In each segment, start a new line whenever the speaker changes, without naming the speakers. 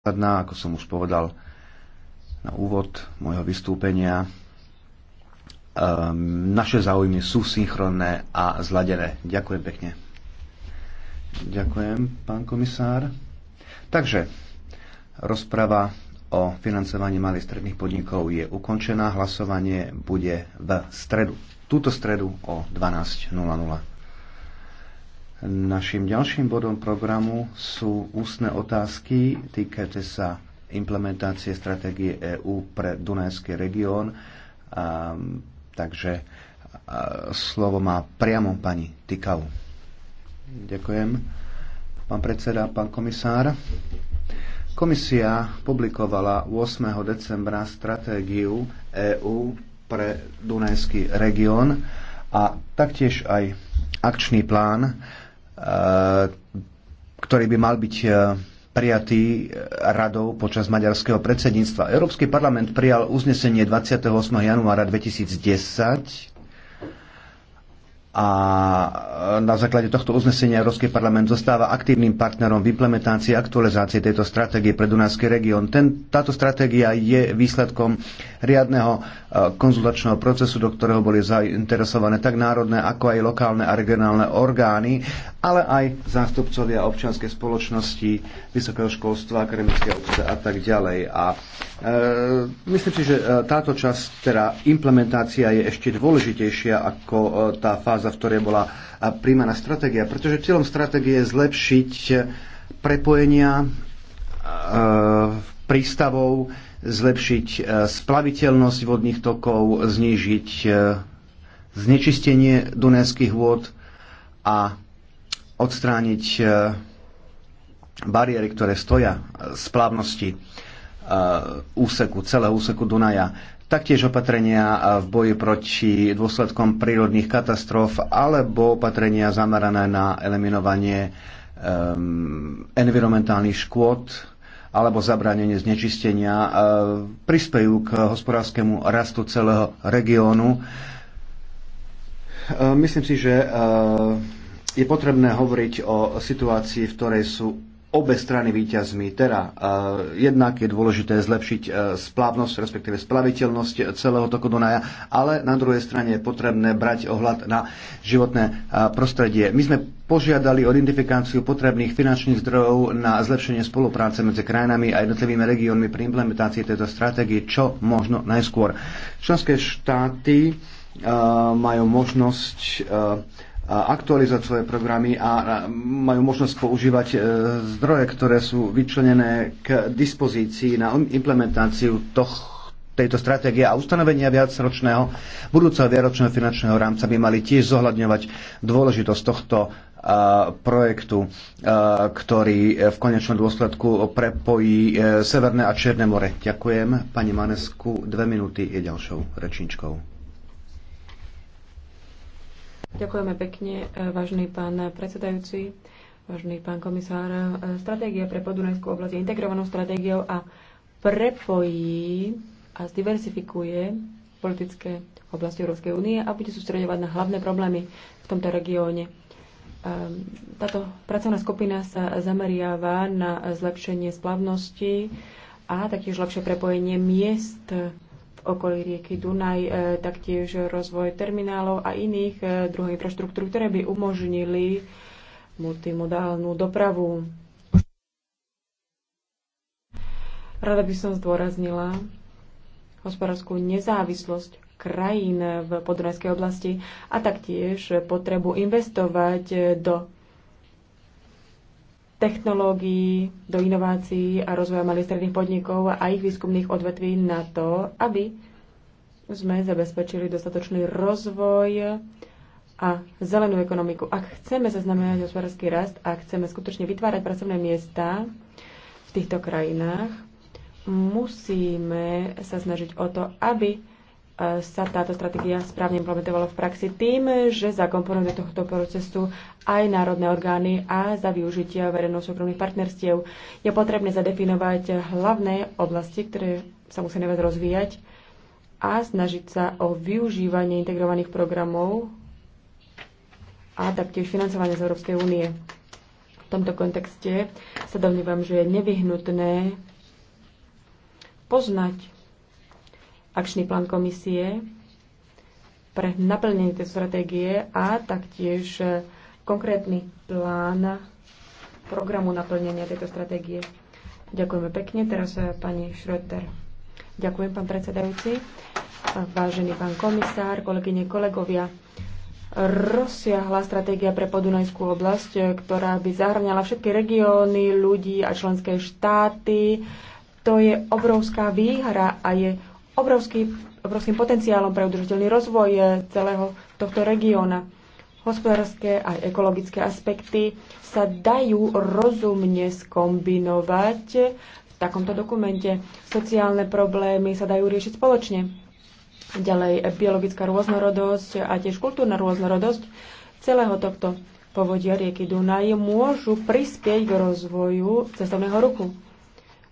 základná, ako som už povedal na úvod môjho vystúpenia. Ehm, naše záujmy sú synchronné a zladené. Ďakujem pekne. Ďakujem, pán komisár. Takže, rozprava o financovaní malých stredných podnikov je ukončená. Hlasovanie bude v stredu. Túto stredu o 12.00. Našim ďalším bodom programu sú ústne otázky týkajúce sa implementácie stratégie EÚ pre Dunajský región. Takže slovo má priamo pani Tikau. Ďakujem. Pán predseda, pán komisár. Komisia publikovala 8. decembra stratégiu EÚ pre Dunajský región a taktiež aj akčný plán E, ktorý by mal byť e, prijatý e, radou počas maďarského predsedníctva. Európsky parlament prijal uznesenie 28. januára 2010 a e, na základe tohto uznesenia Európsky parlament zostáva aktívnym partnerom v implementácii a aktualizácii tejto stratégie pre Dunajský región. Táto stratégia je výsledkom riadneho e, konzultačného procesu, do ktorého boli zainteresované tak národné, ako aj lokálne a regionálne orgány, ale aj zástupcovia občianskej spoločnosti, vysokého školstva, akademického obce a tak ďalej. A e, myslím si, že e, táto časť, teda implementácia je ešte dôležitejšia ako tá fáza fáza, v ktorej bola príjmaná stratégia, pretože cieľom stratégie je zlepšiť e, prepojenia e, prístavov, zlepšiť e, splaviteľnosť vodných tokov, znížiť znečistenie dunajských vôd a odstrániť bariéry, ktoré stoja z plávnosti úseku, celého úseku Dunaja taktiež opatrenia v boji proti dôsledkom prírodných katastrof alebo opatrenia zamerané na eliminovanie um, environmentálnych škôd alebo zabránenie znečistenia uh, prispejú k hospodárskému rastu celého regiónu. Uh, myslím si, že uh, je potrebné hovoriť o situácii, v ktorej sú obe strany výťazmi. Teda eh, jednak je dôležité zlepšiť eh, splavnosť, respektíve splaviteľnosť celého toku Dunaja, ale na druhej strane je potrebné brať ohľad na životné eh, prostredie. My sme požiadali o identifikáciu potrebných finančných zdrojov na zlepšenie spolupráce medzi krajinami a jednotlivými regiónmi pri implementácii tejto stratégie čo možno najskôr. Členské štáty majú možnosť aktualizovať svoje programy a majú možnosť používať e, zdroje, ktoré sú vyčlenené k dispozícii na implementáciu toch, tejto stratégie a ustanovenia viacročného, budúceho viacročného finančného rámca by mali tiež zohľadňovať dôležitosť tohto e, projektu, e, ktorý v konečnom dôsledku prepojí Severné a Čierne more. Ďakujem. Pani Manesku, dve minúty je ďalšou rečničkou.
Ďakujeme pekne, e, vážny pán predsedajúci, vážny pán komisár. E, stratégia pre Podunajskú oblasť je integrovanou stratégiou a prepojí a zdiversifikuje politické oblasti Európskej únie a bude sústredovať na hlavné problémy v tomto regióne. E, táto pracovná skupina sa zameriava na zlepšenie splavnosti a taktiež lepšie prepojenie miest v okolí rieky Dunaj, e, taktiež rozvoj terminálov a iných e, druhých infraštruktúr, ktoré by umožnili multimodálnu dopravu. Rada by som zdôraznila hospodárskú nezávislosť krajín v podunajskej oblasti a taktiež potrebu investovať do technológií, do inovácií a rozvoja malých stredných podnikov a ich výskumných odvetví na to, aby sme zabezpečili dostatočný rozvoj a zelenú ekonomiku. Ak chceme zaznamenať hospodársky rast a chceme skutočne vytvárať pracovné miesta v týchto krajinách, musíme sa snažiť o to, aby sa táto stratégia správne implementovala v praxi tým, že za do tohto procesu aj národné orgány a za využitia verejno-súkromných partnerstiev. Je potrebné zadefinovať hlavné oblasti, ktoré sa musia najviac rozvíjať a snažiť sa o využívanie integrovaných programov a taktiež financovanie z Európskej únie. V tomto kontexte sa domnívam, že je nevyhnutné poznať akčný plán komisie pre naplnenie tej stratégie a taktiež e, konkrétny plán programu naplnenia tejto stratégie. Ďakujeme pekne. Teraz e, pani Schröter. Ďakujem, pán predsedajúci. Vážený pán komisár, kolegyne, kolegovia. Rozsiahla stratégia pre Podunajskú oblasť, e, ktorá by zahrňala všetky regióny, ľudí a členské štáty. To je obrovská výhra a je obrovský, obrovským potenciálom pre udržateľný rozvoj eh, celého tohto regióna. Hospodárske aj ekologické aspekty sa dajú rozumne skombinovať eh, v takomto dokumente. Sociálne problémy sa dajú riešiť spoločne. Ďalej eh, biologická rôznorodosť a tiež kultúrna rôznorodosť celého tohto povodia rieky Dunaj môžu prispieť k rozvoju cestovného ruchu.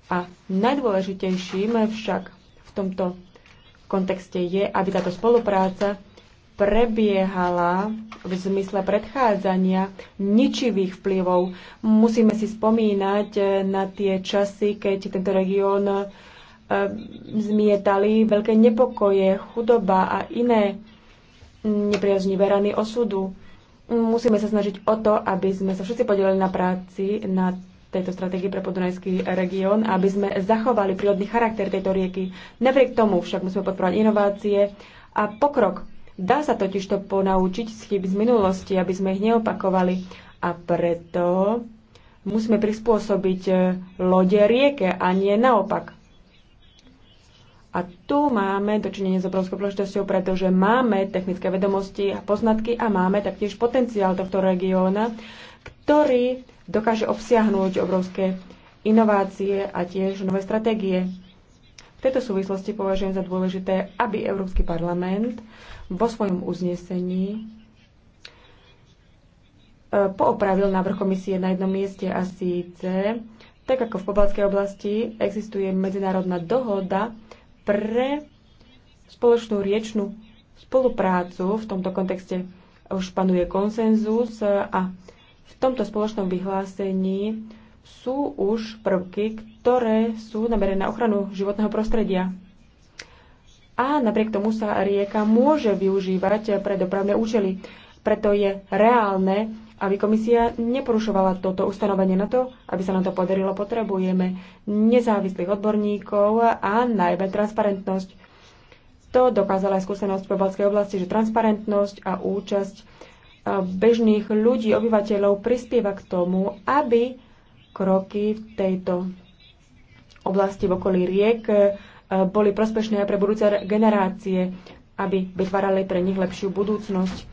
A najdôležitejším však tomto kontexte je, aby táto spolupráca prebiehala v zmysle predchádzania ničivých vplyvov. Musíme si spomínať eh, na tie časy, keď tento región eh, zmietali veľké nepokoje, chudoba a iné nepriaznivé rany osudu. Musíme sa snažiť o to, aby sme sa všetci podelili na práci na tejto stratégie pre podunajský región, aby sme zachovali prírodný charakter tejto rieky. Napriek tomu však musíme podporovať inovácie a pokrok. Dá sa totiž to ponaučiť z chyb z minulosti, aby sme ich neopakovali. A preto musíme prispôsobiť e, lode rieke a nie naopak. A tu máme dočinenie s obrovskou príležitosťou, pretože máme technické vedomosti a poznatky a máme taktiež potenciál tohto regióna, ktorý dokáže obsiahnuť obrovské inovácie a tiež nové stratégie. V tejto súvislosti považujem za dôležité, aby Európsky parlament vo svojom uznesení e, poopravil návrh komisie na jednom mieste a síce, tak ako v pobalskej oblasti, existuje medzinárodná dohoda pre spoločnú riečnú spoluprácu. V tomto kontexte už panuje konsenzus a v tomto spoločnom vyhlásení sú už prvky, ktoré sú naberené na ochranu životného prostredia. A napriek tomu sa rieka môže využívať pre dopravné účely. Preto je reálne, aby komisia neporušovala toto ustanovenie na to, aby sa nám to podarilo, potrebujeme nezávislých odborníkov a najmä transparentnosť. To dokázala aj skúsenosť v pobalskej oblasti, že transparentnosť a účasť bežných ľudí, obyvateľov prispieva k tomu, aby kroky v tejto oblasti v okolí riek eh, boli prospešné aj pre budúce generácie, aby vytvárali pre nich lepšiu budúcnosť.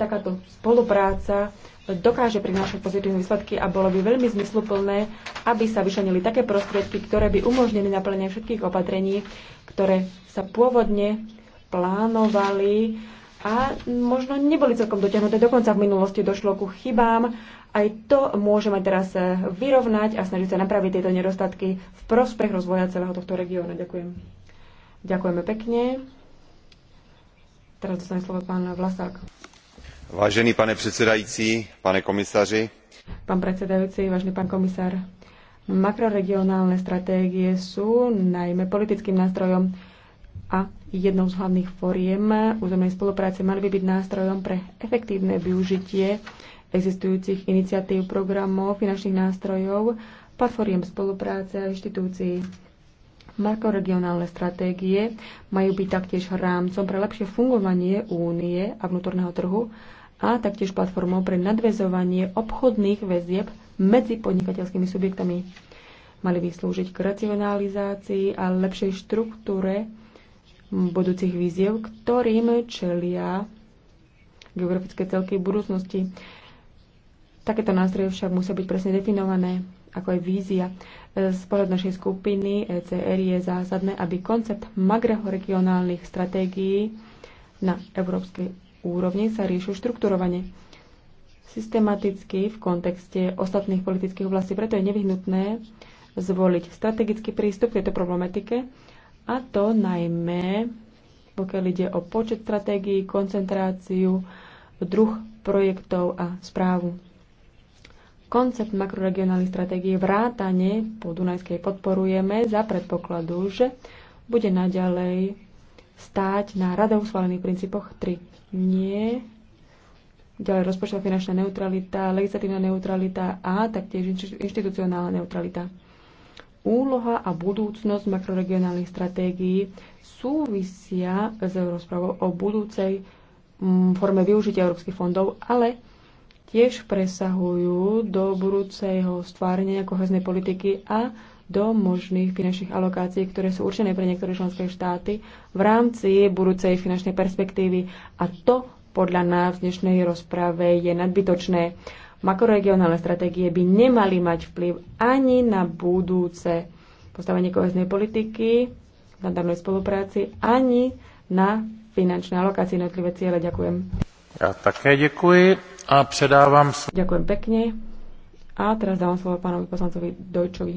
Takáto spolupráca dokáže prinášať pozitívne výsledky a bolo by veľmi zmysluplné, aby sa vyšanili také prostriedky, ktoré by umožnili naplnenie všetkých opatrení, ktoré sa pôvodne plánovali a možno neboli celkom dotiahnuté. Dokonca v minulosti došlo ku chybám. Aj to môžeme teraz eh, vyrovnať a snažiť sa napraviť tieto nedostatky v prospech rozvoja celého tohto regiónu. Ďakujem. Ďakujeme pekne. Teraz dostane slovo pán Vlasák.
Vážený pane predsedajúci, pane komisaři.
Pán predsedajúci, vážený pán komisár. Makroregionálne stratégie sú najmä politickým nástrojom a jednou z hlavných foriem územnej spolupráce mali by byť nástrojom pre efektívne využitie existujúcich iniciatív, programov, finančných nástrojov, platformiem spolupráce a inštitúcií. Makroregionálne stratégie majú byť taktiež rámcom pre lepšie fungovanie únie a vnútorného trhu a taktiež platformou pre nadvezovanie obchodných väzieb medzi podnikateľskými subjektami mali by slúžiť k racionalizácii a lepšej štruktúre budúcich víziev, ktorým čelia geografické celky v budúcnosti. Takéto nástroje však musia byť presne definované, ako aj vízia. Z pohľadu našej skupiny ECR je zásadné, aby koncept makroregionálnych stratégií na európskej úrovni sa riešil štrukturovane systematicky v kontexte ostatných politických oblastí. Preto je nevyhnutné zvoliť strategický prístup k tejto problematike a to najmä, pokiaľ ide o počet stratégií, koncentráciu, druh projektov a správu. Koncept makroregionálnej stratégie vrátane po Dunajskej podporujeme za predpokladu, že bude naďalej stáť na radou schválených princípoch 3. Nie. Ďalej rozpočtová finančná neutralita, legislatívna neutralita a taktiež inštitucionálna neutralita. Úloha a budúcnosť makroregionálnych stratégií súvisia s rozprávou o budúcej mm, forme využitia európskych fondov, ale tiež presahujú do budúceho stvárenia koheznej politiky a do možných finančných alokácií, ktoré sú určené pre niektoré členské štáty v rámci budúcej finančnej perspektívy. A to podľa nás v dnešnej rozprave je nadbytočné makroregionálne stratégie by nemali mať vplyv ani na budúce postavenie koheznej politiky, na danej spolupráci, ani na finančné alokácie jednotlivé ciele. Ďakujem.
Ja také ďakujem a předávám...
Ďakujem pekne. A teraz dávam slovo pánovi poslancovi Dojčovi.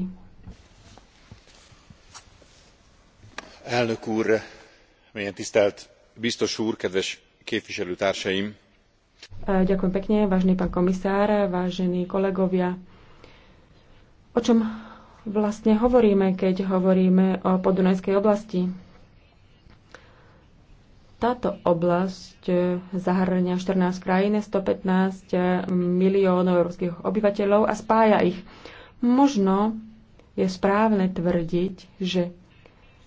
Elnök úr, milyen tisztelt biztos
úr, kedves képviselőtársaim!
Ďakujem pekne, vážený pán komisár, vážení kolegovia. O čom vlastne hovoríme, keď hovoríme o podunajskej oblasti? Táto oblasť zahrňa 14 krajín, 115 miliónov európskych obyvateľov a spája ich. Možno je správne tvrdiť, že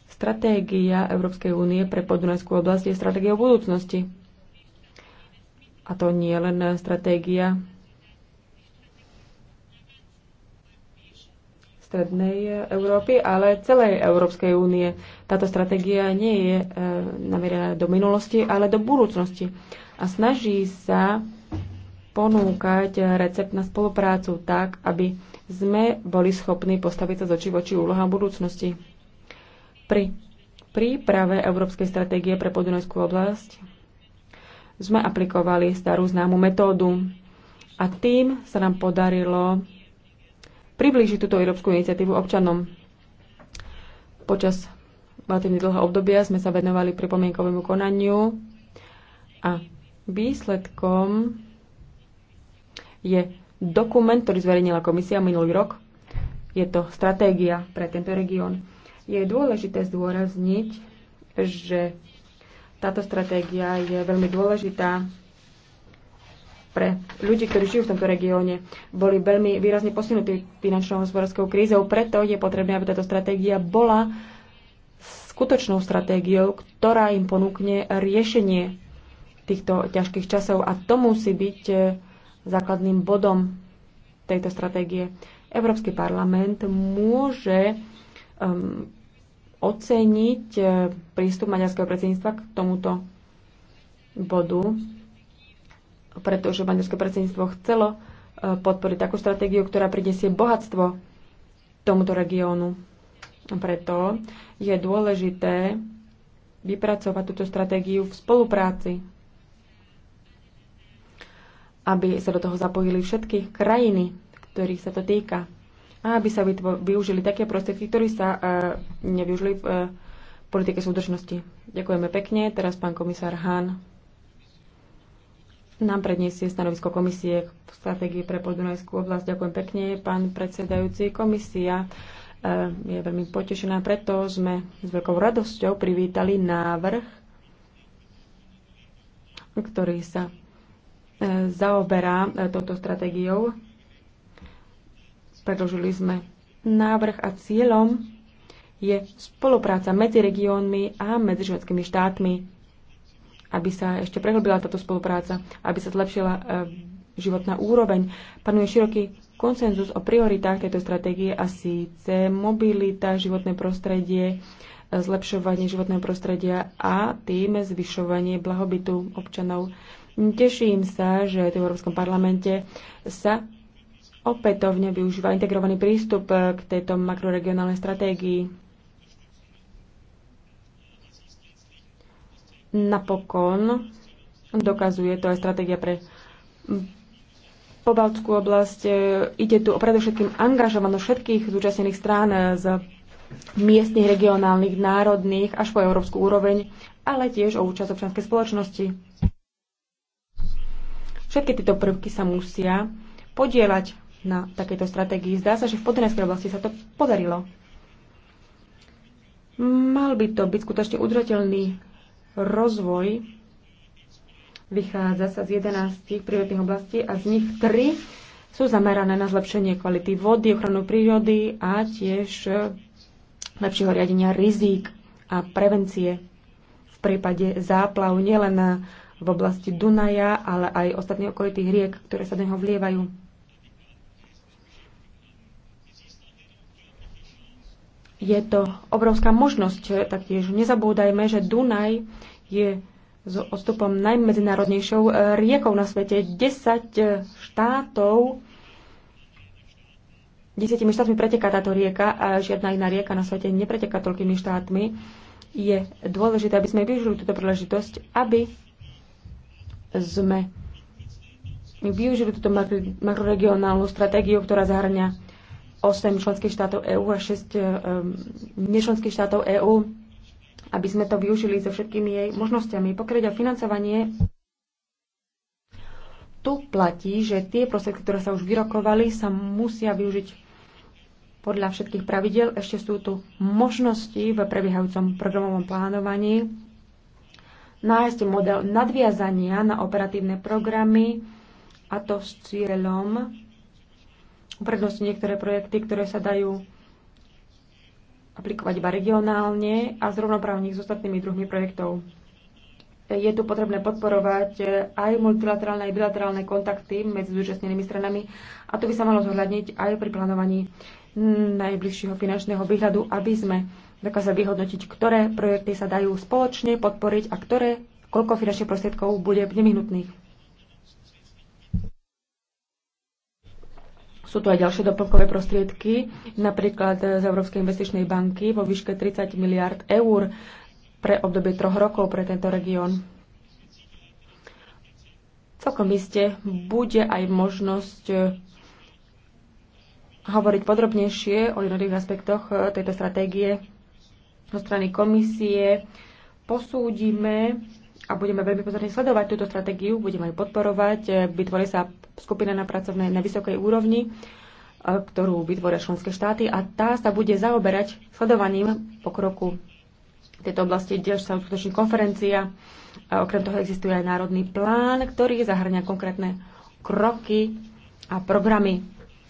stratégia Európskej únie pre podunajskú oblasť je stratégiou budúcnosti a to nie je len stratégia strednej Európy, ale celej Európskej únie. Táto stratégia nie je e, namierená do minulosti, ale do budúcnosti. A snaží sa ponúkať recept na spoluprácu tak, aby sme boli schopní postaviť sa z očí voči úlohám budúcnosti. Pri príprave Európskej stratégie pre podunajskú oblasť sme aplikovali starú známu metódu. A tým sa nám podarilo priblížiť túto európsku iniciatívu občanom. Počas relatívne dlhého obdobia sme sa venovali pripomienkovému konaniu a výsledkom je dokument, ktorý zverejnila komisia minulý rok. Je to stratégia pre tento región. Je dôležité zdôrazniť, že táto stratégia je veľmi dôležitá pre ľudí, ktorí žijú v tomto regióne, boli veľmi výrazne posunutí finančnou hospodárskou krízou. Preto je potrebné, aby táto stratégia bola skutočnou stratégiou, ktorá im ponúkne riešenie týchto ťažkých časov. A to musí byť e, základným bodom tejto stratégie. Európsky parlament môže um, oceniť e, prístup maďarského predsedníctva k tomuto bodu, pretože maďarské predsedníctvo chcelo e, podporiť takú stratégiu, ktorá prinesie bohatstvo tomuto regiónu. Preto je dôležité vypracovať túto stratégiu v spolupráci, aby sa do toho zapojili všetky krajiny, ktorých sa to týka a aby sa využili také prostriedky, ktoré sa e, nevyužili v e, politike súdržnosti. Ďakujeme pekne. Teraz pán komisár Hahn nám predniesie stanovisko komisie k stratégii pre podunajskú oblasť. Ďakujem pekne, pán predsedajúci. Komisia e, je veľmi potešená, preto sme s veľkou radosťou privítali návrh, ktorý sa zaoberá touto stratégiou Predložili sme návrh a cieľom je spolupráca medzi regiónmi a medzi švedskými štátmi, aby sa ešte prehlbila táto spolupráca, aby sa zlepšila e, životná úroveň. Panuje široký konsenzus o prioritách tejto stratégie a síce mobilita, životné prostredie, e, zlepšovanie životného prostredia a tým zvyšovanie blahobytu občanov. Teším sa, že v Európskom parlamente sa opätovne využíva integrovaný prístup eh, k tejto makroregionálnej stratégii. Napokon dokazuje to aj stratégia pre Pobaltskú oblasť. Eh, Ide tu o predovšetkým angažovanosť všetkých zúčastnených strán eh, z miestnych, regionálnych, národných až po európsku úroveň, ale tiež o účasť občianskej spoločnosti. Všetky tieto prvky sa musia podielať na takejto stratégii. Zdá sa, že v podrenskej oblasti sa to podarilo. Mal by to byť skutočne udržateľný rozvoj. Vychádza sa z 11 prírodných oblastí a z nich 3 sú zamerané na zlepšenie kvality vody, ochranu prírody a tiež lepšieho riadenia rizík a prevencie v prípade záplav nielen v oblasti Dunaja, ale aj ostatných okolitých riek, ktoré sa do neho vlievajú. je to obrovská možnosť. Taktiež nezabúdajme, že Dunaj je s odstupom najmedzinárodnejšou eh, riekou na svete. 10 eh, štátov desiatimi štátmi preteká táto rieka a žiadna iná rieka na svete nepreteká toľkými štátmi. Je dôležité, aby sme využili túto príležitosť, aby sme využili túto makroregionálnu stratégiu, ktorá zahrania 8 členských štátov EÚ a 6 e, nečlenských štátov EÚ, aby sme to využili so všetkými jej možnosťami. Pokiaľ a o financovanie, tu platí, že tie prostriedky, ktoré sa už vyrokovali, sa musia využiť podľa všetkých pravidel. Ešte sú tu možnosti v prebiehajúcom programovom plánovaní nájsť model nadviazania na operatívne programy a to s cieľom prednosti niektoré projekty, ktoré sa dajú aplikovať iba regionálne a zrovnoprávnych s ostatnými druhmi projektov. Je tu potrebné podporovať aj multilaterálne aj bilaterálne kontakty medzi zúčastnenými stranami a to by sa malo zohľadniť aj pri plánovaní najbližšieho finančného výhľadu, aby sme dokázali vyhodnotiť, ktoré projekty sa dajú spoločne podporiť a ktoré, koľko finančných prostriedkov bude nevyhnutných. Sú tu aj ďalšie doplnkové prostriedky, napríklad z Európskej investičnej banky vo výške 30 miliard eur pre obdobie troch rokov pre tento región. Celkom iste bude aj možnosť eh, hovoriť podrobnejšie o jednotlivých aspektoch eh, tejto stratégie zo strany komisie. Posúdime a budeme veľmi pozorne sledovať túto stratégiu, budeme ju podporovať. E, vytvorí sa skupina na pracovnej na vysokej úrovni, e, ktorú vytvoria členské štáty a tá sa bude zaoberať sledovaním pokroku v tejto oblasti. kde sa uskutoční konferencia. A okrem toho existuje aj národný plán, ktorý zahrňa konkrétne kroky a programy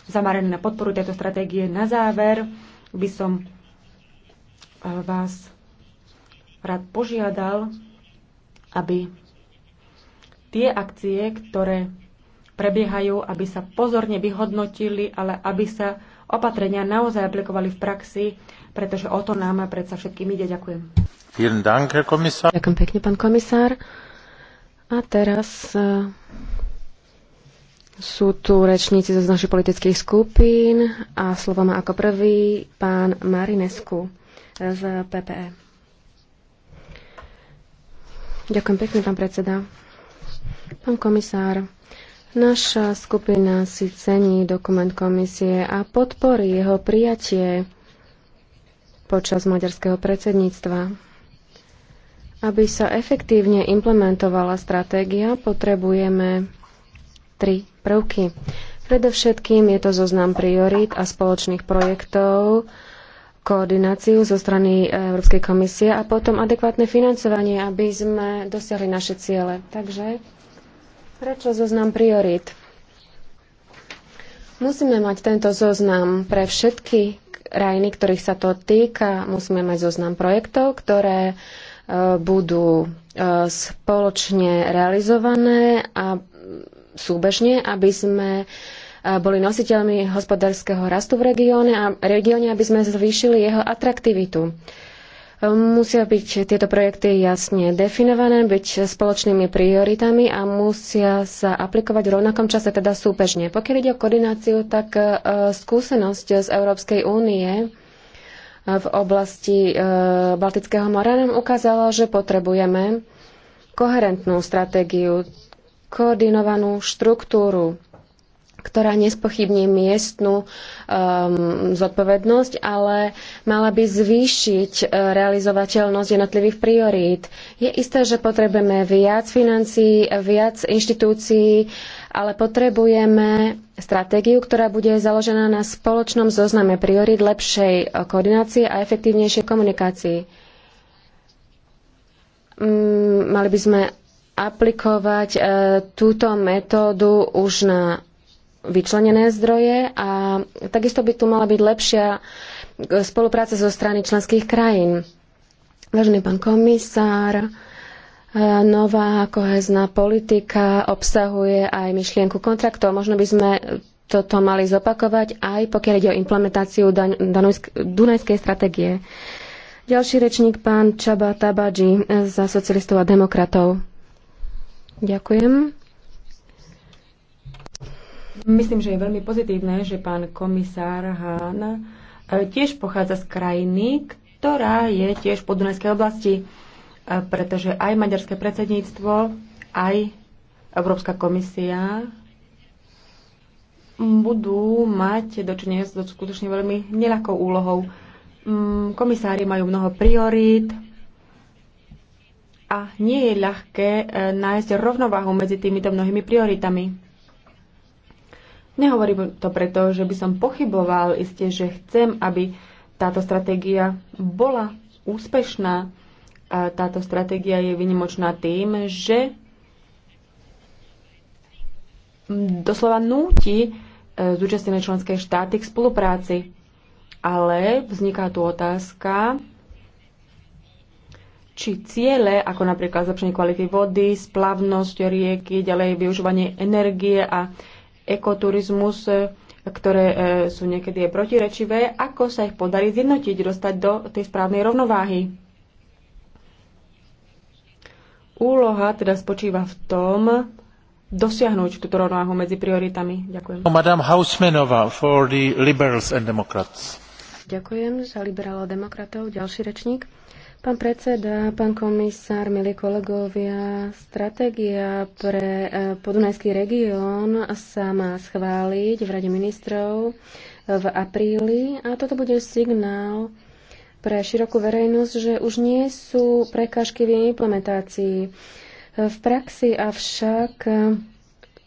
zamerané na podporu tejto stratégie. Na záver by som e, vás rád požiadal, aby tie akcie, ktoré prebiehajú, aby sa pozorne vyhodnotili, ale aby sa opatrenia naozaj aplikovali v praxi, pretože o
to nám predsa všetkým ide. Ďakujem.
Ďakujem
pekne, pán komisár. A teraz e, sú tu rečníci zo našich politických skupín a slovo má ako prvý pán Marinesku z PPE. Ďakujem pekne, pán predseda. Pán komisár, naša skupina si cení dokument komisie a podporí jeho prijatie počas maďarského predsedníctva. Aby sa efektívne implementovala stratégia, potrebujeme tri prvky. Predovšetkým je to zoznam priorít a spoločných projektov, koordináciu zo strany e, Európskej komisie a potom adekvátne financovanie, aby sme dosiahli naše ciele. Takže prečo zoznam priorít? Musíme mať tento zoznam pre všetky krajiny, ktorých sa to týka. Musíme mať zoznam projektov, ktoré e, budú e, spoločne realizované a súbežne, aby sme boli nositeľmi hospodárskeho rastu v regióne a regióne, aby sme zvýšili jeho atraktivitu. Musia byť tieto projekty jasne definované, byť spoločnými prioritami a musia sa aplikovať v rovnakom čase, teda súpežne. Pokiaľ ide o koordináciu, tak e, skúsenosť z Európskej únie e, v oblasti e, Baltického mora nám ukázala, že potrebujeme koherentnú stratégiu, koordinovanú štruktúru ktorá nespochybní miestnu um, zodpovednosť, ale mala by zvýšiť uh, realizovateľnosť jednotlivých priorít. Je isté, že potrebujeme viac financií, viac inštitúcií, ale potrebujeme stratégiu, ktorá bude založená na spoločnom zozname priorít lepšej uh, koordinácii a efektívnejšej komunikácii. Um, mali by sme aplikovať e, túto metódu už na vyčlenené zdroje a takisto by tu mala byť lepšia eh, spolupráca zo strany členských krajín. Vážený pán komisár, eh, nová kohezná politika obsahuje aj myšlienku kontraktov. Možno by sme toto mali zopakovať aj pokiaľ ide o implementáciu Dunajskej stratégie. Ďalší rečník, pán Čaba Tabadži eh, za socialistov a demokratov. Ďakujem.
Myslím, že je veľmi pozitívne, že pán komisár Hán e, tiež pochádza z krajiny, ktorá je tiež v Dunajskej oblasti, e, pretože aj maďarské predsedníctvo, aj Európska komisia budú mať dočinenie s skutočne veľmi neľakou úlohou. Mm, komisári majú mnoho priorít a nie je ľahké e, nájsť rovnováhu medzi týmito mnohými prioritami. Nehovorím to preto, že by som pochyboval, iste, že chcem, aby táto stratégia bola úspešná. A e, táto stratégia je vynimočná tým, že doslova núti e, zúčastnené členské štáty k spolupráci. Ale vzniká tu otázka, či ciele, ako napríklad zlepšenie kvality vody, splavnosť rieky, ďalej využívanie energie a ekoturizmus, e, ktoré e, sú niekedy aj protirečivé, ako sa ich podarí zjednotiť, dostať do tej správnej rovnováhy. Úloha teda spočíva v tom, dosiahnuť túto rovnováhu medzi prioritami. Ďakujem.
Madame Hausmanová for the Liberals and Democrats.
Ďakujem za liberálov demokratov. Ďalší rečník. Pán predseda, pán komisár, milí kolegovia, stratégia pre e, podunajský región sa má schváliť v Rade ministrov v apríli a toto bude signál pre širokú verejnosť, že už nie sú prekážky v jej implementácii. V praxi avšak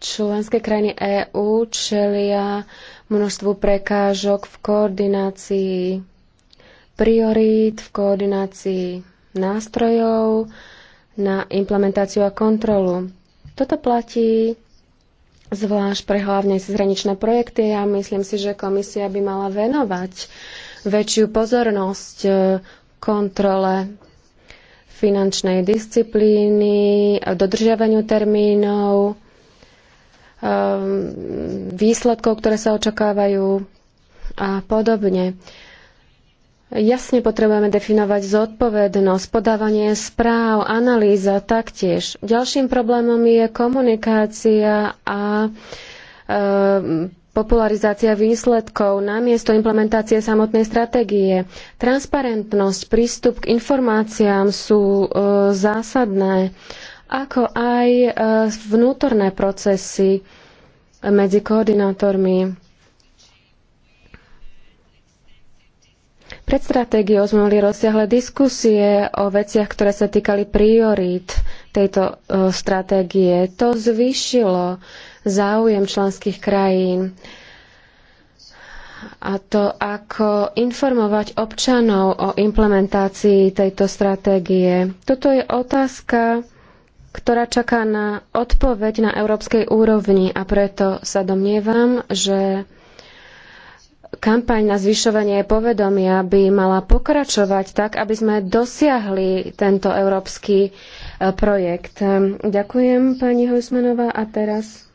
členské krajiny EÚ čelia množstvu prekážok v koordinácii priorít, v koordinácii nástrojov na implementáciu a kontrolu. Toto platí zvlášť pre hlavne zraničné projekty a ja myslím si, že komisia by mala venovať väčšiu pozornosť e, kontrole finančnej disciplíny, dodržiavaniu termínov, e, výsledkov, ktoré sa očakávajú a podobne. Jasne potrebujeme definovať zodpovednosť, podávanie správ, analýza taktiež. Ďalším problémom je komunikácia a e, popularizácia výsledkov namiesto implementácie samotnej stratégie. Transparentnosť, prístup k informáciám sú e, zásadné, ako aj e, vnútorné procesy medzi koordinátormi Pred stratégiou sme mali rozsiahle diskusie o veciach, ktoré sa týkali priorít tejto e, stratégie. To zvýšilo záujem členských krajín a to, ako informovať občanov o implementácii tejto stratégie. Toto je otázka, ktorá čaká na odpoveď na európskej úrovni a preto sa domnievam, že kampaň na zvyšovanie povedomia by mala pokračovať tak, aby sme dosiahli tento európsky e, projekt. Ďakujem, pani Hojsmanová. A teraz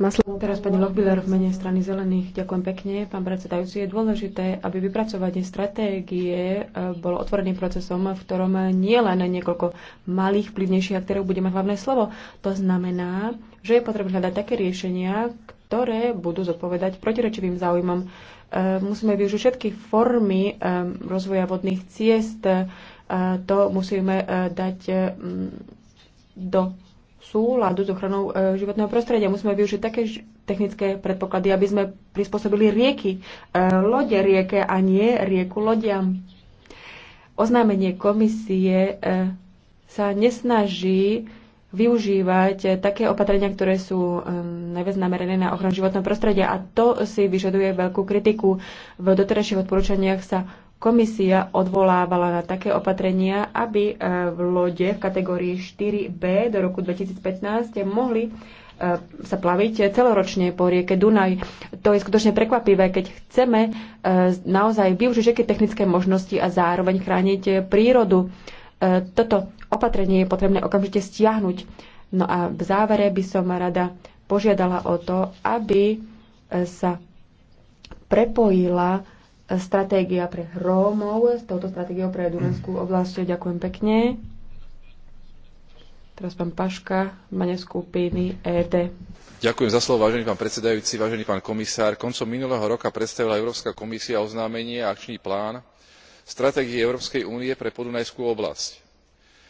má slovo.
Teraz pani Lochbiller v mene strany zelených. Ďakujem pekne, pán predsedajúci. Je dôležité, aby vypracovanie stratégie e, bolo otvoreným procesom, v ktorom nie len niekoľko malých, vplyvnejších aktérov bude mať hlavné slovo. To znamená, že je potrebné hľadať také riešenia, ktoré budú zodpovedať protirečivým záujmom. E, musíme využiť všetky formy e, rozvoja vodných ciest. E, to musíme dať mm, do súladu s ochranou životného prostredia. Musíme využiť také technické predpoklady, aby sme prispôsobili rieky, lode rieke a nie rieku lodiam. Oznámenie komisie sa nesnaží využívať také opatrenia, ktoré sú um, najviac namerené na ochranu životného prostredia. A to si vyžaduje veľkú kritiku. V doterajších odporúčaniach sa komisia odvolávala na také opatrenia, aby eh, v lode v kategórii 4B do roku 2015 mohli eh, sa plaviť celoročne po rieke Dunaj. To je skutočne prekvapivé, keď chceme eh, naozaj využiť všetky technické možnosti a zároveň chrániť prírodu. Toto opatrenie je potrebné okamžite stiahnuť. No a v závere by som rada požiadala o to, aby e, sa prepojila e, stratégia pre Rómov s touto stratégiou pre Dunajskú oblasť. Ďakujem pekne. Teraz pán Paška, mene skupiny ED.
Ďakujem za slovo, vážený pán predsedajúci, vážený pán komisár. Koncom minulého roka predstavila Európska komisia oznámenie a akčný plán stratégie Európskej únie pre Podunajskú oblasť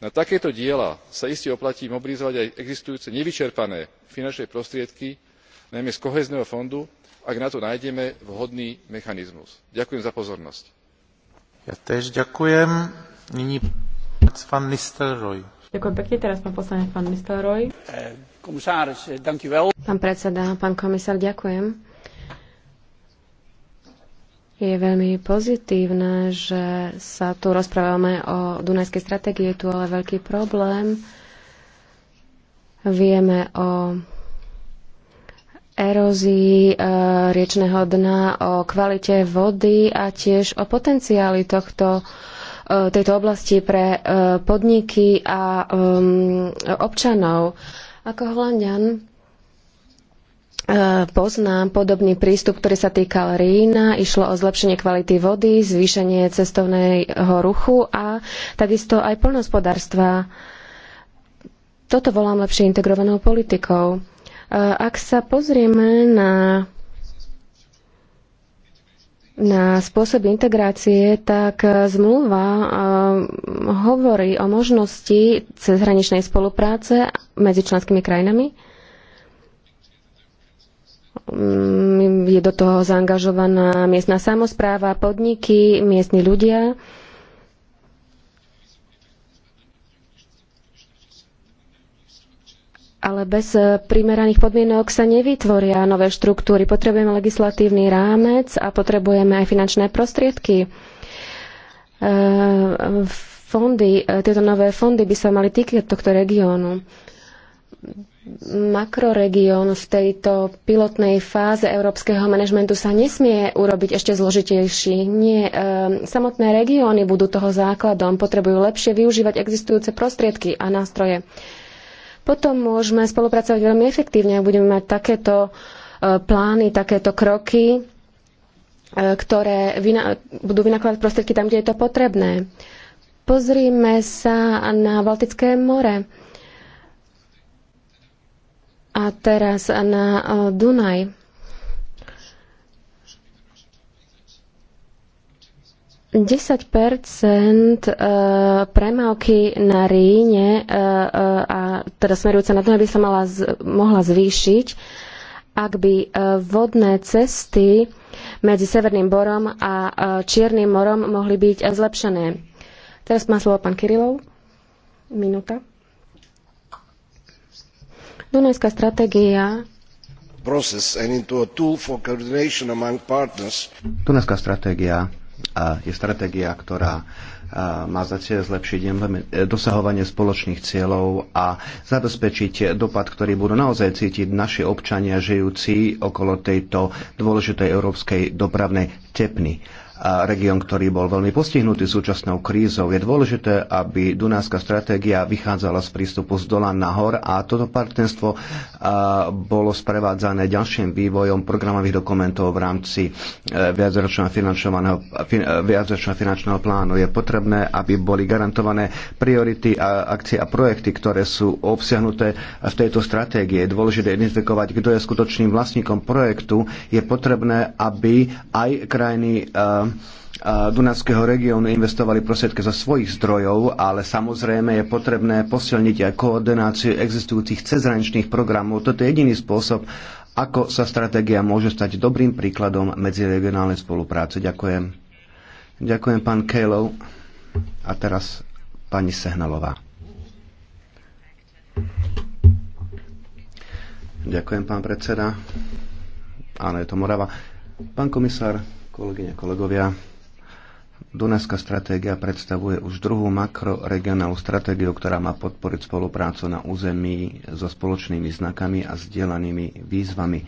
na takéto diela sa iste oplatí mobilizovať aj existujúce nevyčerpané finančné prostriedky najmä z kohézneho fondu ak na to nájdeme vhodný mechanizmus. ďakujem za pozornosť.
Eh,
eh, pán
predseda pán komisár ďakujem je veľmi pozitívne, že sa tu rozprávame o Dunajskej stratégii, je tu ale veľký problém. Vieme o erózii e, riečného dna, o kvalite vody a tiež o potenciáli tohto, e, tejto oblasti pre e, podniky a e, občanov. Ako hlaňan, E, poznám podobný prístup, ktorý sa týkal Rína. Išlo o zlepšenie kvality vody, zvýšenie cestovného ruchu a takisto aj poľnohospodárstva. Toto volám lepšie integrovanou politikou. E, ak sa pozrieme na na spôsob integrácie, tak zmluva e, hovorí o možnosti cezhraničnej spolupráce medzi členskými krajinami Mm, je do toho zaangažovaná miestna samozpráva, podniky, miestni ľudia. Ale bez eh, primeraných podmienok sa nevytvoria nové štruktúry. Potrebujeme legislatívny rámec a potrebujeme aj finančné prostriedky. Eh, fondy, eh, tieto nové fondy by sa mali týkať tohto regiónu makroregión v tejto pilotnej fáze európskeho manažmentu sa nesmie urobiť ešte zložitejší. Nie, e, samotné regióny budú toho základom, potrebujú lepšie využívať existujúce prostriedky a nástroje. Potom môžeme spolupracovať veľmi efektívne a budeme mať takéto e, plány, takéto kroky, e, ktoré budú vynakladať prostriedky tam, kde je to potrebné. Pozrime sa na Baltické more a teraz na e, Dunaj. Desať percent e, premávky na Ríne e, a teda smerujúca na Dunaj by sa mala, mohla zvýšiť, ak by vodné cesty medzi Severným Borom a Čiernym morom mohli byť zlepšené. Teraz má slovo pán Kirilov. Minúta. Dunajská stratégia
Dunajská stratégia je stratégia, ktorá má za cieľ zlepšiť e, dosahovanie spoločných cieľov a zabezpečiť dopad, ktorý budú naozaj cítiť naši občania žijúci okolo tejto dôležitej európskej dopravnej tepny región, ktorý bol veľmi postihnutý súčasnou krízou. Je dôležité, aby Dunajská stratégia vychádzala z prístupu z dola nahor a toto partnerstvo bolo sprevádzané ďalším vývojom programových dokumentov v rámci e, viacročného finančného, e, viacročného finančného plánu. Je potrebné, aby boli garantované priority a akcie a projekty, ktoré sú obsiahnuté v tejto stratégie. Je dôležité identifikovať, kto je skutočným vlastníkom projektu. Je potrebné, aby aj krajiny uh, Eh, Dunavského regiónu investovali prostriedky zo svojich zdrojov, ale samozrejme je potrebné posilniť aj koordináciu existujúcich cezhraničných programov. Toto je jediný spôsob, ako sa stratégia môže stať dobrým príkladom medziregionálnej spolupráce. Ďakujem. Ďakujem, pán Kejlov. A teraz pani Sehnalová. Ďakujem, pán predseda. Áno, je to Morava. Pán komisár, Kolegyne, kolegovia, Dunajská stratégia predstavuje už druhú makroregionálnu stratégiu, ktorá má podporiť spoluprácu na území so spoločnými znakami a sdielanými výzvami.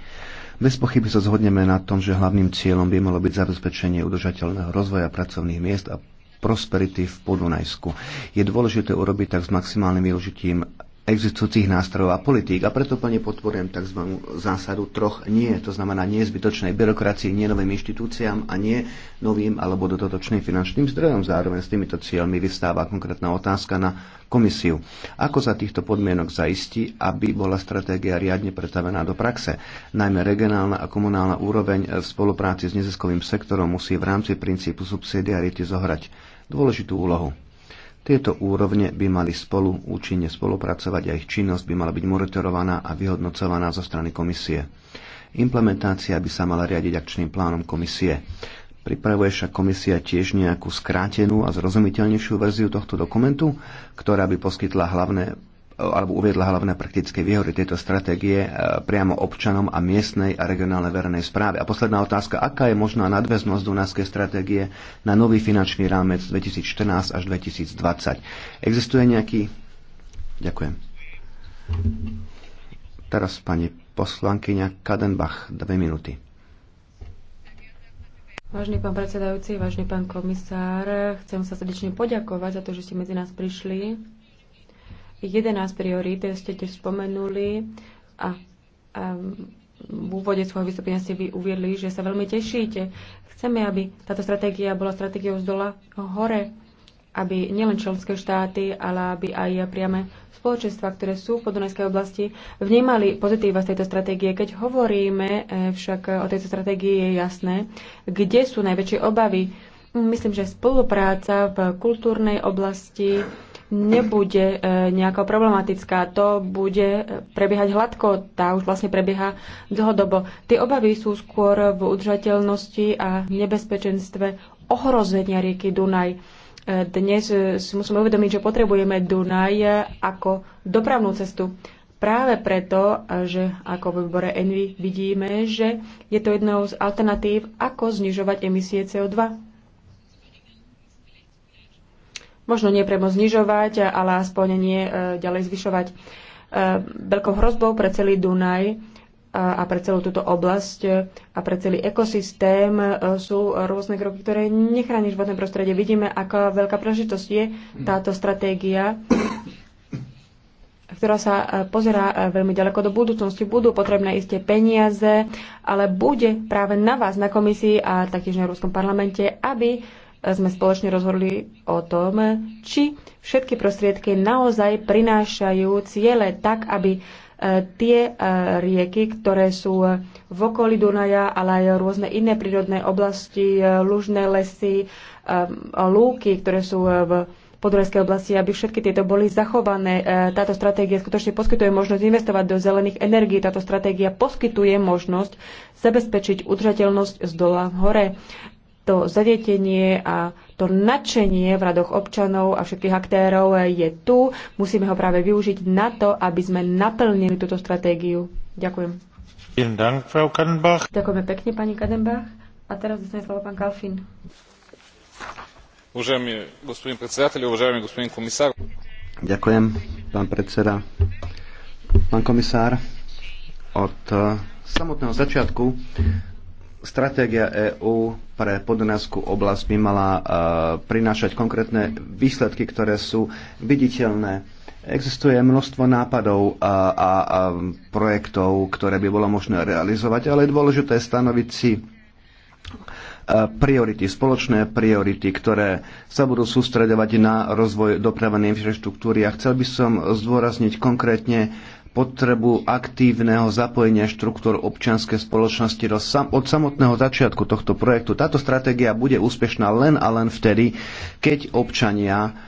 Bez pochyby sa zhodneme na tom, že hlavným cieľom by malo byť zabezpečenie udržateľného rozvoja pracovných miest a prosperity v Podunajsku. Je dôležité urobiť tak s maximálnym využitím existujúcich nástrojov a politík. A preto plne podporujem tzv. zásadu troch nie. To znamená nie zbytočnej byrokracii, nie novým inštitúciám a nie novým alebo dodatočným finančným zdrojom. Zároveň s týmito cieľmi vystáva konkrétna otázka na komisiu. Ako sa týchto podmienok zaistí, aby bola stratégia riadne pretavená do praxe? Najmä regionálna a komunálna úroveň v spolupráci s neziskovým sektorom musí v rámci princípu subsidiarity zohrať dôležitú úlohu. Tieto úrovne by mali spolu účinne spolupracovať a ich činnosť by mala byť monitorovaná a vyhodnocovaná zo strany komisie. Implementácia by sa mala riadiť akčným plánom komisie. Pripravuje však komisia tiež nejakú skrátenú a zrozumiteľnejšiu verziu tohto dokumentu, ktorá by poskytla hlavné alebo uviedla hlavné praktické výhody tejto stratégie e, priamo občanom a miestnej a regionálnej verejnej správe. A posledná otázka, aká je možná nadväznosť Dunajskej stratégie na nový finančný rámec 2014 až 2020? Existuje nejaký... Ďakujem. Teraz pani poslankyňa Kadenbach, dve minúty.
Vážený pán predsedajúci, vážený pán komisár, chcem sa srdečne poďakovať za to, že ste medzi nás prišli 11 priorít ste tiež spomenuli a, a v úvode svojho vystúpenia ste vy uviedli, že sa veľmi tešíte. Chceme, aby táto stratégia bola stratégiou z dola hore, aby nielen členské štáty, ale aby aj priame spoločenstva, ktoré sú v podunajskej oblasti, vnímali pozitíva z tejto stratégie. Keď hovoríme e, však o tejto stratégii, je jasné, kde sú najväčšie obavy. Myslím, že spolupráca v kultúrnej oblasti, nebude e, nejako problematická. To bude e, prebiehať hladko, tá už vlastne prebieha dlhodobo. Tie obavy sú skôr v udržateľnosti a nebezpečenstve ohrozenia rieky Dunaj. E, dnes si musíme uvedomiť, že potrebujeme Dunaj ako dopravnú cestu. Práve preto, že ako v výbore Envy vidíme, že je to jednou z alternatív, ako znižovať emisie CO2 možno nie priamo znižovať, ale aspoň nie e, ďalej zvyšovať. E, veľkou hrozbou pre celý Dunaj e, a pre celú túto oblasť a pre celý ekosystém sú rôzne kroky, ktoré nechráni životné prostredie. Vidíme, aká veľká prežitosť je táto stratégia, ktorá sa pozerá veľmi ďaleko do budúcnosti. Budú potrebné isté peniaze, ale bude práve na vás, na komisii a taktiež na Európskom parlamente, aby sme spoločne rozhodli o tom, či všetky prostriedky naozaj prinášajú ciele tak, aby e, tie e, rieky, ktoré sú v okolí Dunaja, ale aj rôzne iné prírodné oblasti, e, lužné lesy, lúky, ktoré sú v podoreskej oblasti, aby všetky tieto boli zachované. Táto stratégia skutočne poskytuje možnosť investovať do zelených energií. Táto stratégia poskytuje možnosť zabezpečiť udržateľnosť z dola v hore to zadetenie a to nadšenie v radoch občanov a všetkých aktérov je tu. Musíme ho práve využiť na to, aby sme naplnili túto stratégiu. Ďakujem.
Ďakujeme
pekne, pani Kadenbach. A teraz dostane slovo pán Kalfin.
Уважаеми господин председател, уважаеми господин комисар.
Ďakujem, pán predseda. Pán komisár, od eh,
samotného začiatku
stratégia EÚ pre podunajskú oblasť by mala e, prinášať konkrétne výsledky, ktoré sú viditeľné. Existuje množstvo nápadov a, a, a projektov, ktoré by bolo možné realizovať, ale je dôležité stanoviť si e, priority, spoločné priority, ktoré sa budú sústredovať na rozvoj dopravnej infraštruktúry. A chcel by som zdôrazniť konkrétne potrebu aktívneho zapojenia štruktúr občianskej spoločnosti od samotného začiatku tohto projektu. Táto stratégia bude úspešná len a len vtedy, keď občania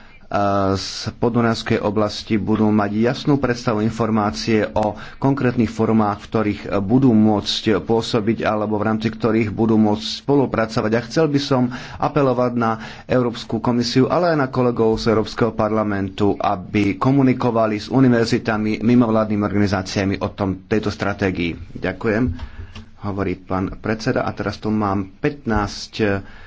z podunajskej oblasti budú mať jasnú predstavu informácie o konkrétnych formách, v ktorých budú môcť pôsobiť alebo v rámci ktorých budú môcť spolupracovať. A chcel by som apelovať na Európsku komisiu, ale aj na kolegov z Európskeho parlamentu, aby komunikovali s univerzitami, mimovládnymi organizáciami o tom, tejto stratégii. Ďakujem, hovorí pán predseda. A teraz tu mám 15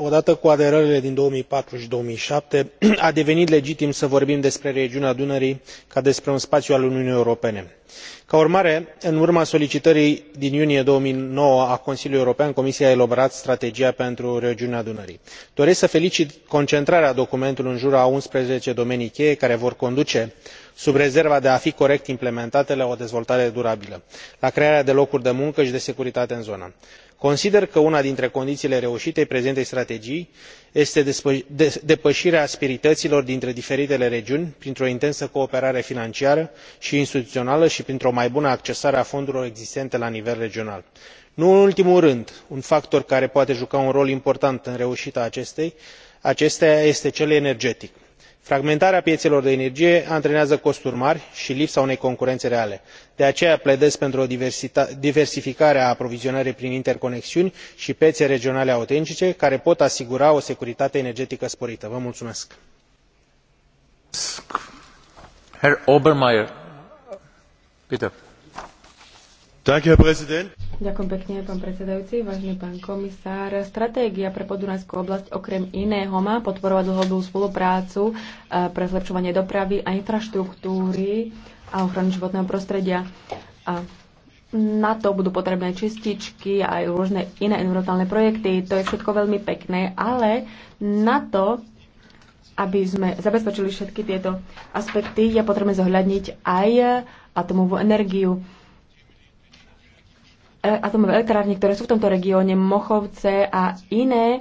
odată cu aderările din două mii patru i două mii șapte a devenit legitim să vorbim despre regiunea dunării ca despre un spaiu al uniunii europene. ca urmare în urma solicitării din iunie două mii nouă a consiliului european comisia a elaborat strategia pentru regiunea dunării. doresc să felicit concentrarea documentului în jur a unsprezece domenii cheie care vor conduce sub rezerva de a fi corect implementate la o dezvoltare durabilă la crearea de locuri de muncă i de securitate în zonă consider că una dintre condiiile reuitei prezentei strategii este depăirea asperităilor dintre diferitele regiuni printr o intensă cooperare financiară i instituională i printr o mai bună accesare a fondurilor existente la nivel regional. nu în ultimul rând un factor care poate juca un rol important în reuita acesteia este cel energetic fragmentarea piețelor de energie antrenează costuri mari și lipsa unei concurențe reale de aceea pledez pentru o diversificare a aprovizionării prin interconexiuni și piee regionale autentice care pot asigura o securitate energetică sporită. Vă mulțumesc. herr präsident!
Ďakujem pekne, pán predsedajúci, vážny pán komisár. Stratégia pre Podunajskú oblasť okrem iného má podporovať dlhodobú spoluprácu eh, pre zlepšovanie dopravy a infraštruktúry a ochranu životného prostredia. A na to budú potrebné čističky a aj rôzne iné environmentálne projekty. To je všetko veľmi pekné, ale na to, aby sme zabezpečili všetky tieto aspekty, je potrebné zohľadniť aj atomovú energiu. E, atomové elektrárne, ktoré sú v tomto regióne, Mochovce a iné, e,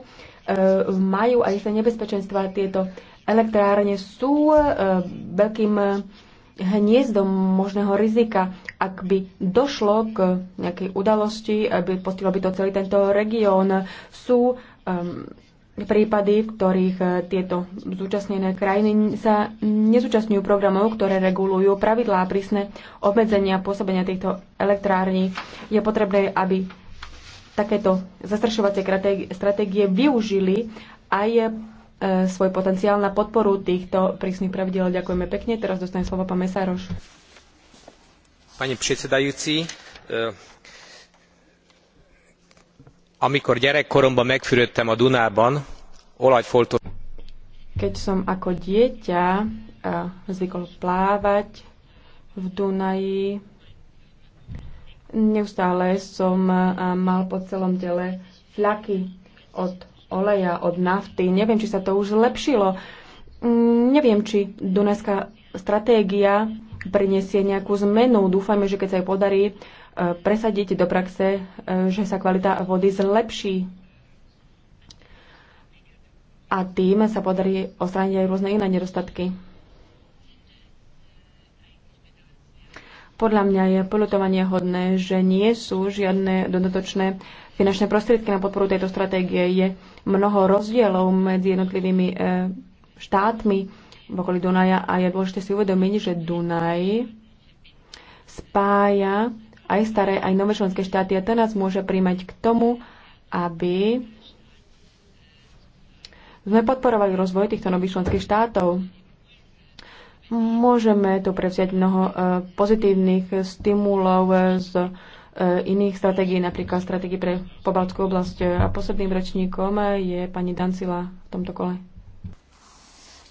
majú aj isté nebezpečenstva. Tieto elektrárne sú e, veľkým hniezdom možného rizika. Ak by došlo k nejakej udalosti, by postihlo by to celý tento región, sú um, prípady, v ktorých e, tieto zúčastnené krajiny sa nezúčastňujú programov, ktoré regulujú pravidlá a prísne obmedzenia pôsobenia týchto elektrární. Je potrebné, aby takéto zastrašovacie stratégie využili aj e, svoj potenciál na podporu týchto prísnych pravidel. Ďakujeme pekne. Teraz dostane slovo pán Mesároš.
Pani predsedajúci, e, amikor gyerekkoromban megfürödtem a Dunában, olajfoltos...
Keď som ako dieťa zvykol plávať v Dunaji, neustále som mal po celom tele fľaky od oleja, od nafty. Neviem, či sa to už zlepšilo. Mm, neviem, či Dunajská stratégia prinesie nejakú zmenu. Dúfajme, že keď sa jej podarí presadiť do praxe, e, že sa kvalita vody zlepší. A tým sa podarí ostrániť aj rôzne iné nedostatky. Podľa mňa je polutovanie hodné, že nie sú žiadne dodatočné finančné prostriedky na podporu tejto stratégie. Je mnoho rozdielov medzi jednotlivými e, štátmi v okolí Dunaja a je dôležité si uvedomiť, že Dunaj spája aj staré, aj nové členské štáty. A to nás môže príjmať k tomu, aby sme podporovali rozvoj týchto nových členských štátov. Môžeme tu prevziať mnoho e, pozitívnych stimulov z e, iných stratégií, napríklad stratégie pre pobaltskú oblasť. A posledným rečníkom je pani Dancila v tomto kole.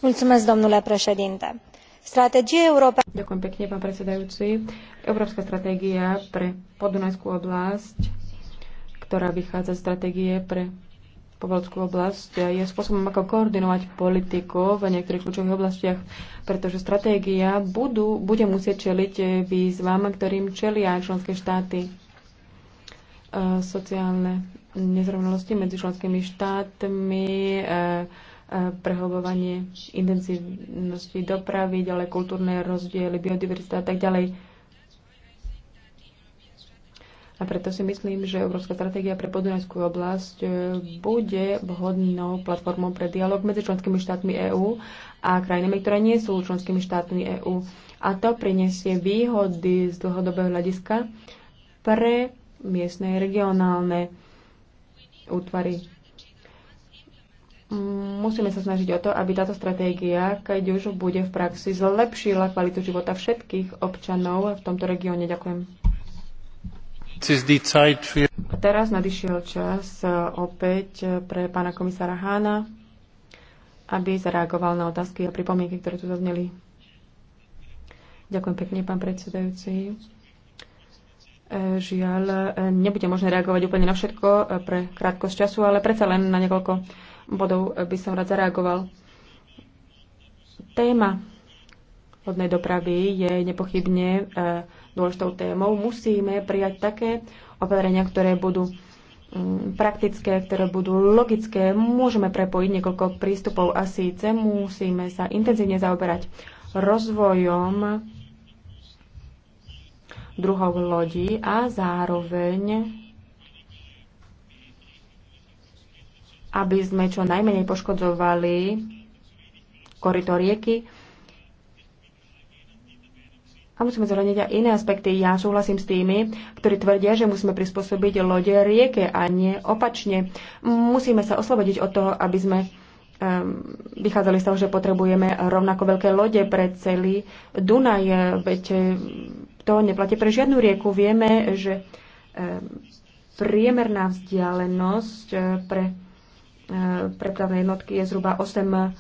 Mulțumesc, domnule președinte Európa... Ďakujem pekne, pán predsedajúci. Európska stratégia pre podunajskú oblasť, ktorá vychádza z stratégie pre Pobaltskú oblasť je spôsobom, ako koordinovať politiku v niektorých kľúčových oblastiach, pretože stratégia budú, bude musieť čeliť výzvam, ktorým čelia členské štáty. E, sociálne nezrovnalosti medzi členskými štátmi, e, prehlbovanie intenzívnosti dopravy, ďalej kultúrne rozdiely, biodiverzita a tak ďalej. A preto si myslím, že Európska stratégia pre podunajskú oblasť e, bude vhodnou platformou pre dialog medzi členskými štátmi EÚ a krajinami, ktoré nie sú členskými štátmi EÚ. A to prinesie výhody z dlhodobého hľadiska pre miestne regionálne útvary musíme sa snažiť o to, aby táto stratégia, keď už bude v praxi, zlepšila kvalitu života všetkých občanov v tomto regióne. Ďakujem. Teraz nadišiel čas e, opäť e, pre pána komisára Hána, aby zareagoval na otázky a pripomienky, ktoré tu zazneli. Ďakujem pekne, pán predsedajúci. E, žiaľ, nebude možné reagovať úplne na všetko pre krátkosť času, ale predsa len na niekoľko bodov eh, by som rád zareagoval. Téma vodnej dopravy je nepochybne eh, dôležitou témou. Musíme prijať také opatrenia, ktoré budú mm, praktické, ktoré budú logické. Môžeme prepojiť niekoľko prístupov a síce musíme sa intenzívne zaoberať rozvojom druhov lodí a zároveň aby sme čo najmenej poškodzovali korito rieky. A musíme zohľadniť aj iné aspekty. Ja súhlasím s tými, ktorí tvrdia, že musíme prispôsobiť lode rieke a nie opačne. Musíme sa oslobodiť od toho, aby sme vychádzali z toho, že potrebujeme rovnako veľké lode pre celý Dunaj. Veď eh, to neplatí pre žiadnu rieku. Vieme, že priemerná vzdialenosť eh, pre Eh, prepravnej jednotky je zhruba 8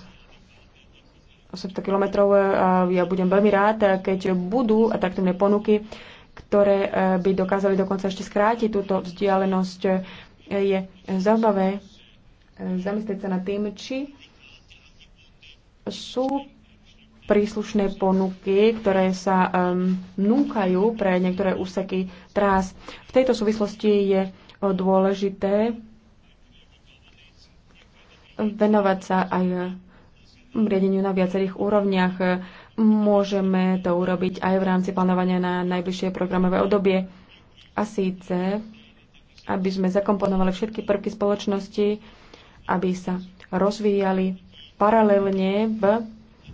800 kilometrov eh, a ja budem veľmi rád, keď budú atraktívne ponuky, ktoré eh, by dokázali dokonca ešte skrátiť túto vzdialenosť. Je zaujímavé zamyslieť sa nad tým, či sú príslušné ponuky, ktoré sa um, núkajú pre niektoré úseky trás. V tejto súvislosti je dôležité venovať sa aj e, riadeniu na viacerých úrovniach. E, môžeme to urobiť aj v rámci plánovania na najbližšie programové obdobie. A síce, aby sme zakomponovali všetky prvky spoločnosti, aby sa rozvíjali paralelne v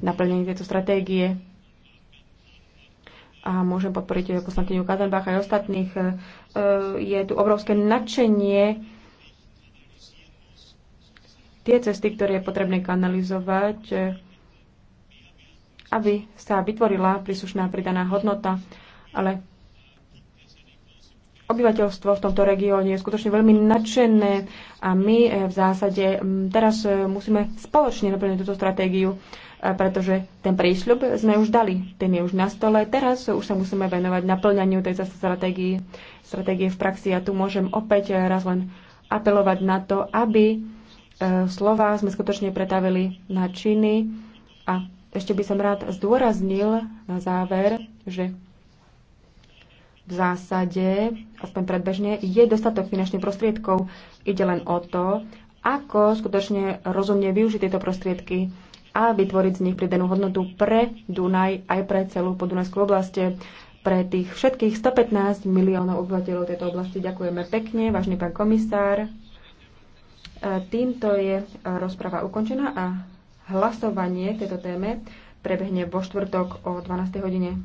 naplnení tejto stratégie. A môžem podporiť poslankyňu Kazenbach aj ostatných. E, je tu obrovské nadšenie tie cesty, ktoré je potrebné kanalizovať, e, aby sa vytvorila príslušná pridaná hodnota. Ale obyvateľstvo v tomto regióne je skutočne veľmi nadšené a my e, v zásade teraz e, musíme spoločne naplniť túto stratégiu, pretože ten prísľub sme už dali, ten je už na stole, teraz už sa musíme venovať naplňaniu tej stratégie, stratégie v praxi a tu môžem opäť raz len apelovať na to, aby E, slova sme skutočne pretavili na činy a ešte by som rád zdôraznil na záver, že v zásade, aspoň predbežne, je dostatok finančných prostriedkov. Ide len o to, ako skutočne rozumne využiť tieto prostriedky a vytvoriť z nich pridanú hodnotu pre Dunaj aj pre celú podunajskú oblasti, pre tých všetkých 115 miliónov obyvateľov tejto oblasti. Ďakujeme pekne, vážny pán komisár. Týmto je e, rozprava ukončená a hlasovanie k tejto téme prebehne vo štvrtok o 12. hodine.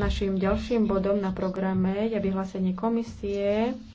Našim ďalším bodom na programe je vyhlásenie komisie